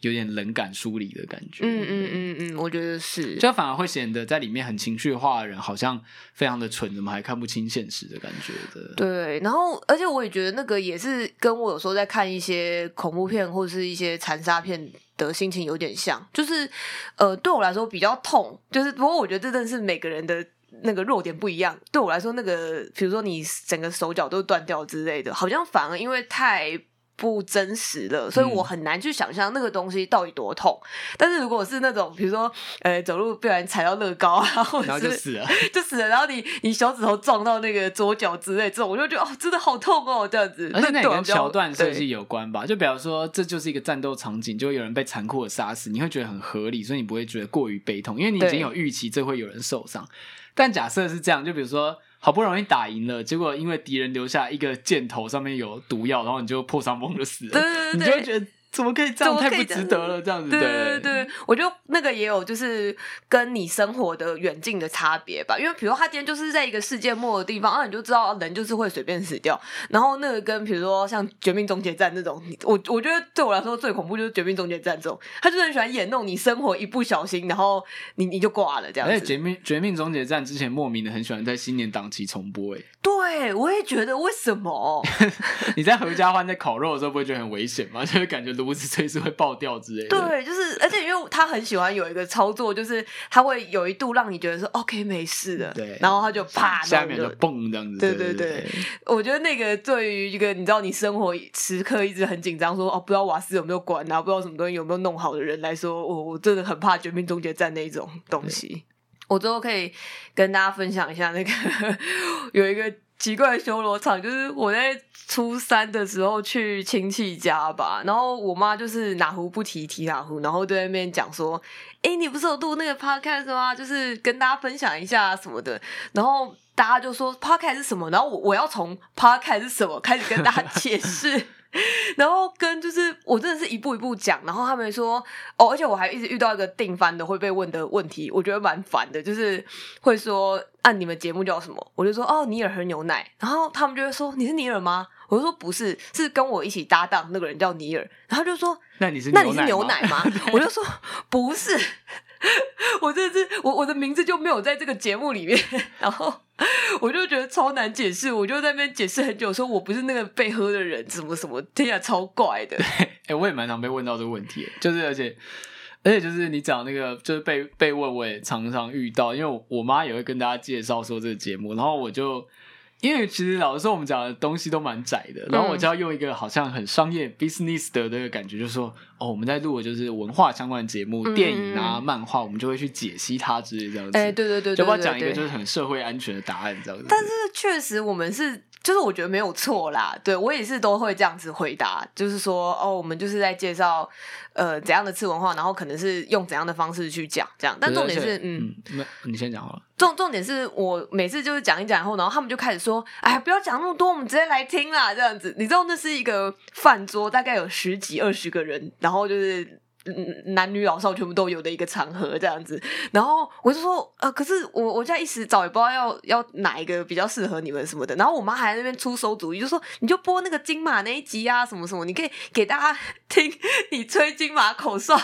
有點冷感、疏離的感覺。嗯嗯嗯嗯，我覺得是，就反而會顯得在裡面很情緒化的人，好像非常的蠢，怎麼還看不清現實的感覺的。對，然後而且我也覺得那個也是跟我有時候在看一些恐怖片或是一些殘殺片的心情有點像，就是呃對我來說比較痛，就是不過我覺得這真的是每個人的，那個弱點不一樣，對我來說，那個比如說你整個手腳都斷掉之類的，好像反而因為太不真實了，所以我很難去想象那個東西到底多痛。嗯、但是如果是那種比如說，呃，走路被人踩到樂高啊，然後就死了， 就死了。然後你你小指頭撞到那個桌角之類這種，我就覺得哦，真的好痛哦，這樣子。而且那跟橋段設計有關吧？就比方說，這就是一個戰鬥場景，就有人被殘酷的殺死，你會覺得很合理，所以你不會覺得過於悲痛，因為你已經有預期這會有人受傷。但假設是這樣，就比如說，好不容易打贏了，結果因為敵人留下一個箭頭，上面有毒藥，然後你就破傷風就死了，對對對對，你就會覺得。怎麼可以這樣，怎麼可以這樣子？太不值得了，太不值得了，這樣子，對對對， 對對對，我覺得那個也有就是跟你生活的遠近的差別吧。因為比如說他今天就是在一個世界末的地方，然、啊、後你就知道人就是會隨便死掉。然後那個跟比如說像《絕命終結戰》那種，我我覺得對我來說最恐怖就是《絕命終結戰》這種，他就是很喜歡演那種你生活一不小心，然後你你就掛了這樣子。而且《絕命絕命終結戰》之前莫名的很喜歡在新年檔期重播誒、欸。對我也覺得為什麼？ 你在合家歡在烤肉的時候不會覺得很危險嗎？就會感覺不是隨時會爆掉之類的，對，就是，而且因為他很喜歡有一個操作，就是他會有一度讓你覺得說 “OK，沒事的”，對，然後他就啪，就下面就蹦這樣子，對對對對，對對對。我覺得那個對於一個你知道，你生活時刻一直很緊張，說哦，不知道瓦斯有沒有關啊，不知道什麼東西有沒有弄好的人來說，我我真的很怕《絕命終結戰》那種東西。我最後可以跟大家分享一下那個 有一個。奇怪的修羅場，就是我在初三的時候去親戚家吧，然後我媽就是哪壺不提提哪壺，然後對面講說：“哎、欸，你不是有錄那個 podcast 嗎？就是跟大家分享一下什麼的。”然後大家就說 podcast 是什麼？然後我我要從 podcast 是什麼開始跟大家解釋。 然後跟就是，我真的是一步一步講。然後他們說哦，而且我還一直遇到一個定番的會被問的問題，我覺得蠻煩的，就是會說按你們節目叫什麼，我就說哦尼爾喝牛奶，然後他們就會說你是尼爾嗎？我就說不是，是跟我一起搭檔的那個人叫尼爾，然後他就說那你是那你是牛奶嗎？奶嗎 我就說不是。我這是我我的名字就沒有在這個節目裡面，然後我就覺得超難解釋，我就在那邊解釋很久，說我不是那個被喝的人，什麼什麼，天下超怪的。對，欸，我也蠻常被問到這個問題，就是而且而且就是你講那個就是被被問，我也常常遇到，因為我我媽也會跟大家介紹說這個節目，然後我就。因為其實老實說我們講的東西都蠻窄的，然後我就要用一個好像很商業 business 的那個感覺，就是說哦，我們在錄的就是文化相關的節目、嗯，電影啊、漫畫，我們就會去解析它之類這樣子。哎，對對對，對，對，對，對對對，就不講一個就是很社會安全的答案這樣子。但是確實我們是，就是我覺得沒有錯啦。對我也是都會這樣子回答，就是說哦，我們就是在介紹呃怎樣的次文化，然後可能是用怎樣的方式去講這樣。但重點是，對對對對嗯，嗯，那你先講好了。重重點是我每次就是講一講，然後，然後他們就開始說：“哎，不要講那麼多，我們直接來聽啦。”這樣子，你知道那是一個飯桌，大概有十幾、二十個人，然後就是。嗯，男女老少全部都有的一個場合這樣子，然後我就說，呃、啊，可是我我現在一時找也不知道要要哪一個比較適合你們什麼的，然後我媽還在那邊出餿主意，就說你就播那個金馬那一集啊，什麼什麼，你可以給大家聽你吹金馬口哨，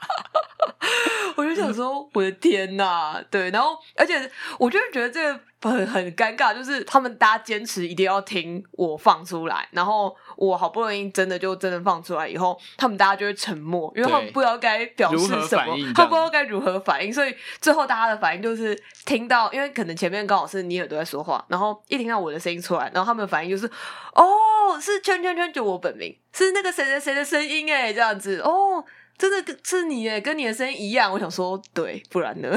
我就想說，我的天吶、啊，對，然後而且我就是覺得這個。很很尷尬，就是他們大家堅持一定要聽我放出來，然後我好不容易真的就真的放出來以後，他們大家就會沉默，因為他們不知道該表示什麼，他們不知道該如何反應，所以最後大家的反應就是聽到，因為可能前面剛好是你也都在說話，然後一聽到我的聲音出來，然後他們的反應就是哦，oh, 是圈圈圈就我本名是那個誰誰誰的聲音哎，這樣子哦，oh, 真的是你哎，跟你的聲音一樣，我想說對，不然呢？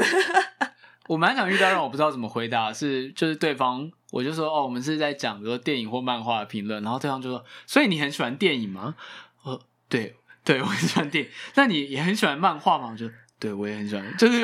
我蠻想遇到讓我不知道怎麼回答，是就是對方，我就說哦，我們是在講個電影或漫畫的評論，然後對方就說，所以你很喜歡電影嗎？呃，對對，我很喜歡電影，那你也很喜歡漫畫嗎？我覺得。對，我也很喜歡，就是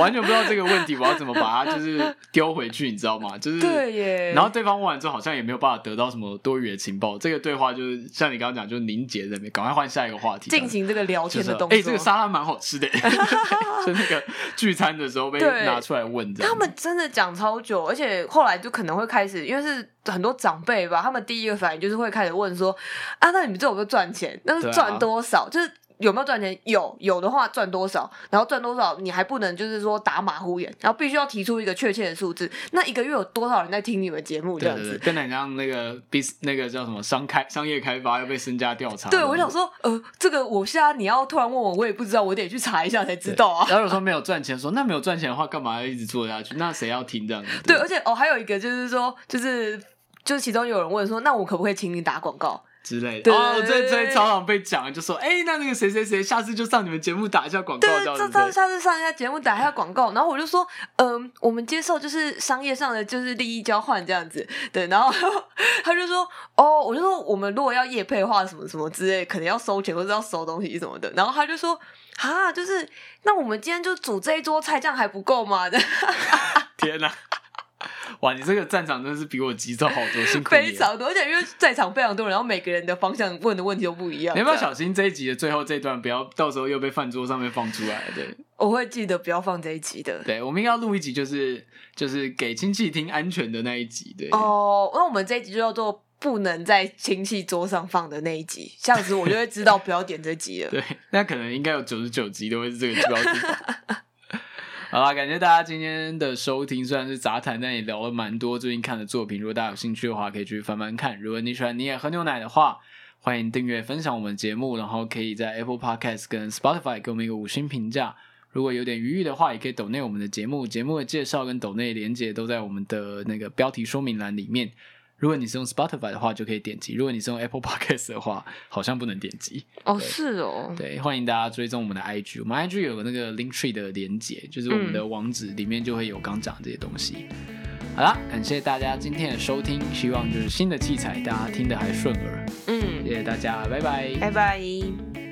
完全不知道這個問題， 我要怎麼把它就是丟回去，你知道嗎？就是對耶，然後對方問完之後好像也沒有辦法得到什麼多餘的情報。這個對話就是像你剛剛講，就是凝結在那邊，趕快換下一個話題，進行這個聊天的東西。哎、就是，這個沙拉蠻好吃的， 就那個聚餐的時候被拿出來問這樣，他們真的講超久，而且後來就可能會開始，因為是很多長輩吧，他們第一個反應就是會開始問說，啊，那你們這種要賺錢，那是賺多少？啊、就是。有沒有賺錢？有有的話賺多少？然後賺多少？你還不能就是說打馬虎眼，然後必須要提出一個確切的數字。那一個月有多少人在聽你們節目？這樣子？跟那家那個必那個叫什麼商開商業開發要被身家調查。對，我想說，呃，這個我現在你要突然問我，我也不知道，我得去查一下才知道啊。然後說沒有賺錢，說那沒有賺錢的話，幹嘛要一直做下去？那誰要聽這樣的，對。對，而且哦，還有一個就是說，就是就是其中有人問說，那我可不可以請你打廣告？之類的，然後在在操場被講，就說，哎、欸，那那個誰誰誰，下次就上你們節目打一下廣告，對，下次上一下節目打一下廣告、嗯，然後我就說，嗯，我們接受就是商業上的就是利益交換這樣子，對，然後他就說，哦，我就說我們如果要業配的話，什麼什麼之類，可能要收錢或者要收東西什麼的，然後他就說，哈、啊，就是那我們今天就煮這一桌菜，這樣還不夠嗎？天吶、啊 哇，你這個戰場真的是比我急躁好多，辛苦你非常多，而且因為在場非常多人，然後每個人的方向問的問題都不一樣。 你要不要小心這一集的最後這段，不要到時候又被飯桌上面放出來？對，我會記得不要放這一集的。對，我們應該要錄一集、就是，就是就是給親戚聽安全的那一集。對哦，oh, 那我們這一集就叫做不能在親戚桌上放的那一集。下次我就會知道不要點這一集了。 對，那可能應該有九十九集都會是這個標題。 好啦，感謝大家今天的收聽。雖然是雜談，但也聊了蠻多最近看的作品。如果大家有興趣的話，可以去翻翻看。如果你喜歡，你也喝牛奶的話，歡迎訂閱分享我們的節目。然後可以在 Apple Podcast 跟 Spotify 給我們一個五星評價。如果有點餘裕的話，也可以抖內我們的節目。節目的介紹跟抖內連結都在我們的那個標題說明欄裡面。如果你是用 Spotify 的話，就可以點擊；如果你是用 Apple Podcast 的話，好像不能點擊。哦，是哦，對，歡迎大家追蹤我們的 IG，我們 IG 有個那個 Link Tree 的連接，就是我們的網址裡面就會有剛講的這些東西。嗯，好啦，感謝大家今天的收聽，希望就是新的器材大家聽得還順耳。嗯，謝謝大家，拜拜，拜拜。